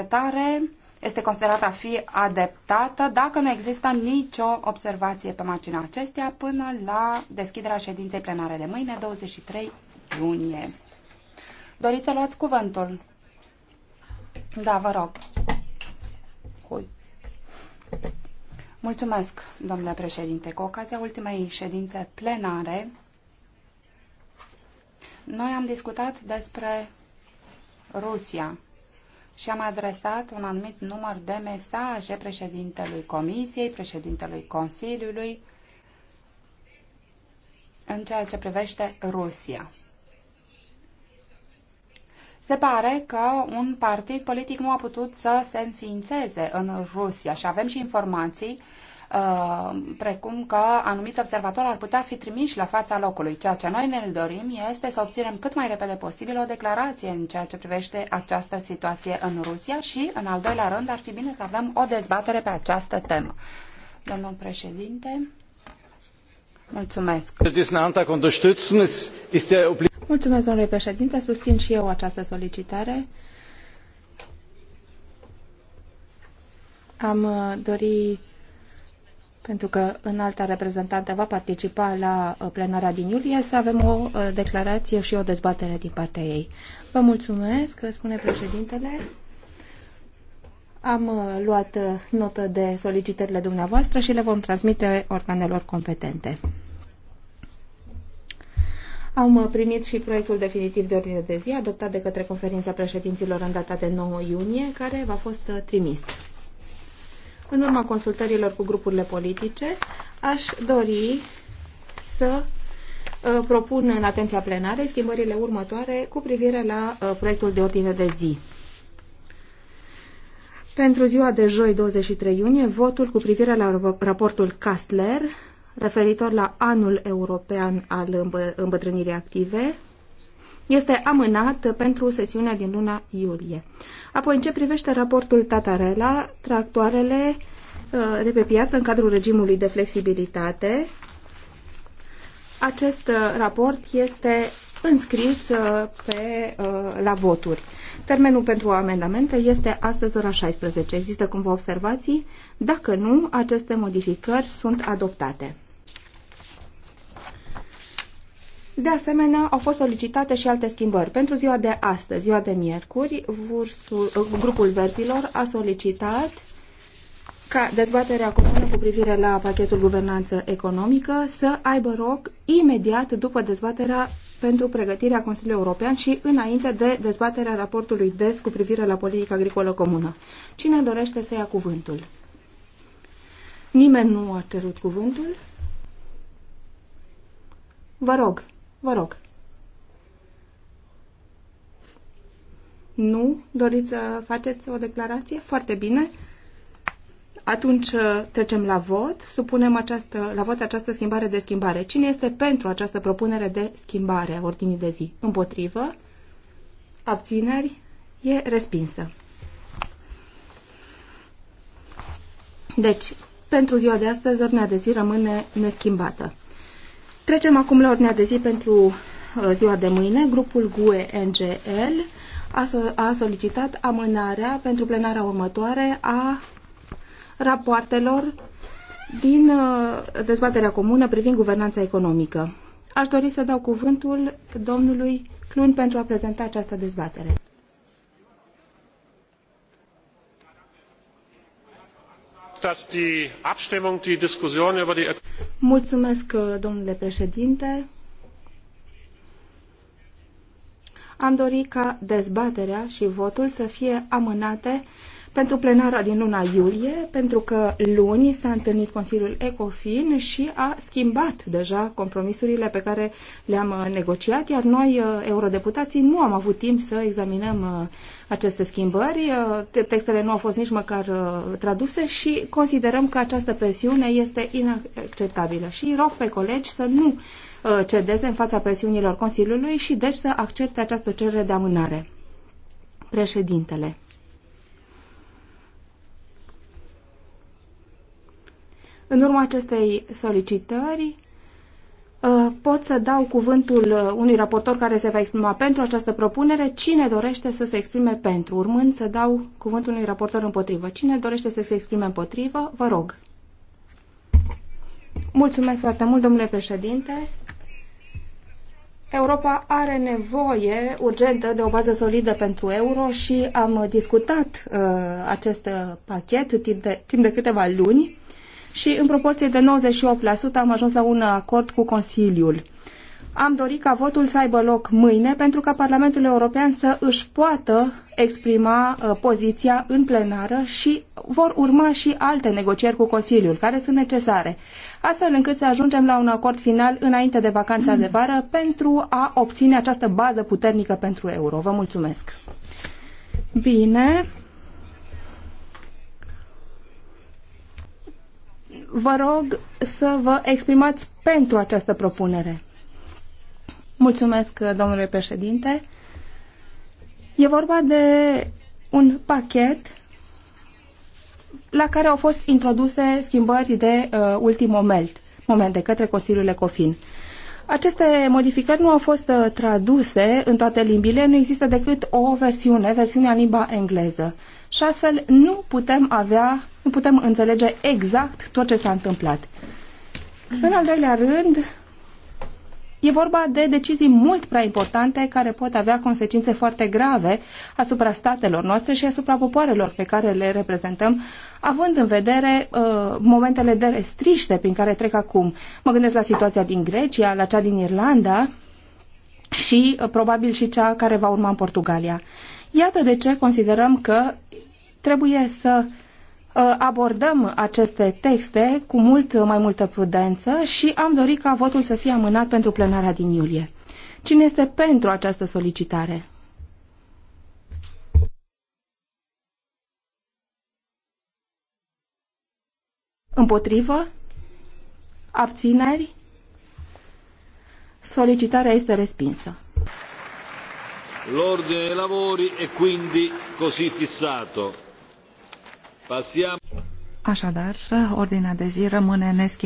interpretare este considerată a fi adeptată dacă nu există nicio observație pe marginea acesteia până la deschiderea ședinței plenare de mâine, 23 iunie. Doriți să luați cuvântul? Da, vă rog. Ui. Mulțumesc, domnule președinte. Cu ocazia ultimei ședințe plenare, noi am discutat despre Rusia și am adresat un anumit număr de mesaje președintelui Comisiei, președintelui Consiliului în ceea ce privește Rusia. Se pare că un partid politic nu a putut să se înființeze în Rusia și avem și informații Uh, precum că anumiți observatori ar putea fi trimiși la fața locului. Ceea ce noi ne dorim este să obținem cât mai repede posibil o declarație în ceea ce privește această situație în Rusia și, în al doilea rând, ar fi bine să avem o dezbatere pe această temă. Domnul președinte, mulțumesc. Mulțumesc, domnule președinte. Susțin și eu această solicitare. Am uh, dorit pentru că în alta reprezentantă va participa la uh, plenara din iulie, să avem o uh, declarație și o dezbatere din partea ei. Vă mulțumesc, spune președintele. Am uh, luat notă de solicitările dumneavoastră și le vom transmite organelor competente. Am primit și proiectul definitiv de ordine de zi adoptat de către conferința președinților în data de 9 iunie, care v-a fost trimis. În urma consultărilor cu grupurile politice, aș dori să uh, propun în atenția plenarei schimbările următoare cu privire la uh, proiectul de ordine de zi. Pentru ziua de joi 23 iunie, votul cu privire la raportul Castler referitor la anul european al îmbătrânirii active este amânat pentru sesiunea din luna iulie. Apoi, în ce privește raportul Tatarela, tractoarele Uh, de pe piață în cadrul regimului de flexibilitate. Acest uh, raport este înscris uh, pe, la voturi. Termenul pentru amendamente este astăzi ora 16. Există cumva observații? Dacă nu, aceste modificări sunt adoptate. De asemenea, au fost solicitate și alte schimbări. Pentru ziua de astăzi, ziua de miercuri, vursul, grupul verzilor a solicitat ca dezbaterea comună cu privire la pachetul guvernanță economică să aibă loc imediat după dezbaterea pentru pregătirea Consiliului European și înainte de dezbaterea raportului DES cu privire la politica agricolă comună. Cine dorește să ia cuvântul? Nimeni nu a cerut cuvântul. Vă rog, vă rog. Nu? Doriți să faceți o declarație? Foarte bine. Atunci uh, trecem la vot, supunem această, la vot această schimbare de schimbare. Cine este pentru această propunere de schimbare a ordinii de zi? Împotrivă? Abțineri? E respinsă. Deci, pentru ziua de astăzi, ordinea de zi rămâne neschimbată. Trecem acum la ordinea de zi pentru uh, ziua de mâine. Grupul GUE-NGL a solicitat amânarea pentru plenarea următoare a rapoartelor din uh, dezbaterea comună privind guvernanța economică. Aș dori să dau cuvântul domnului Clun pentru a prezenta această dezbatere. Mulțumesc, uh, domnule președinte. Am dorit ca dezbaterea și votul să fie amânate pentru plenara din luna iulie, pentru că luni s-a întâlnit Consiliul ECOFIN și a schimbat deja compromisurile pe care le-am uh, negociat, iar noi, uh, eurodeputații, nu am avut timp să examinăm uh, aceste schimbări. Textele nu au fost nici măcar traduse și considerăm că această presiune este inacceptabilă. Și rog pe colegi să nu cedeze în fața presiunilor Consiliului și deci să accepte această cerere de amânare. Președintele În urma acestei solicitări, uh, pot să dau cuvântul uh, unui raportor care se va exprima pentru această propunere. Cine dorește să se exprime pentru? Urmând să dau cuvântul unui raportor împotrivă. Cine dorește să se exprime împotrivă? Vă rog. Mulțumesc foarte mult, domnule președinte. Europa are nevoie urgentă de o bază solidă pentru euro și am discutat uh, acest pachet timp de, timp de câteva luni și în proporție de 98% am ajuns la un acord cu Consiliul. Am dorit ca votul să aibă loc mâine pentru ca Parlamentul European să își poată exprima uh, poziția în plenară și vor urma și alte negocieri cu Consiliul, care sunt necesare, astfel încât să ajungem la un acord final înainte de vacanța de vară pentru a obține această bază puternică pentru euro. Vă mulțumesc! Bine, vă rog să vă exprimați pentru această propunere. Mulțumesc, domnule președinte. E vorba de un pachet la care au fost introduse schimbări de uh, ultim moment, moment de către Consiliul Ecofin. Aceste modificări nu au fost uh, traduse în toate limbile, nu există decât o versiune, versiunea limba engleză. Și astfel nu putem avea nu putem înțelege exact tot ce s-a întâmplat. În al doilea rând, e vorba de decizii mult prea importante care pot avea consecințe foarte grave asupra statelor noastre și asupra popoarelor pe care le reprezentăm, având în vedere uh, momentele de restriște prin care trec acum. Mă gândesc la situația din Grecia, la cea din Irlanda și uh, probabil și cea care va urma în Portugalia. Iată de ce considerăm că trebuie să Uh, abordăm aceste texte cu mult uh, mai multă prudență și am dorit ca votul să fie amânat pentru plenarea din iulie. Cine este pentru această solicitare? Împotrivă? Abțineri? Solicitarea este respinsă. L'ordine dei lavori è quindi così fissato. Așadar, ordinea de zi rămâne neschimbată.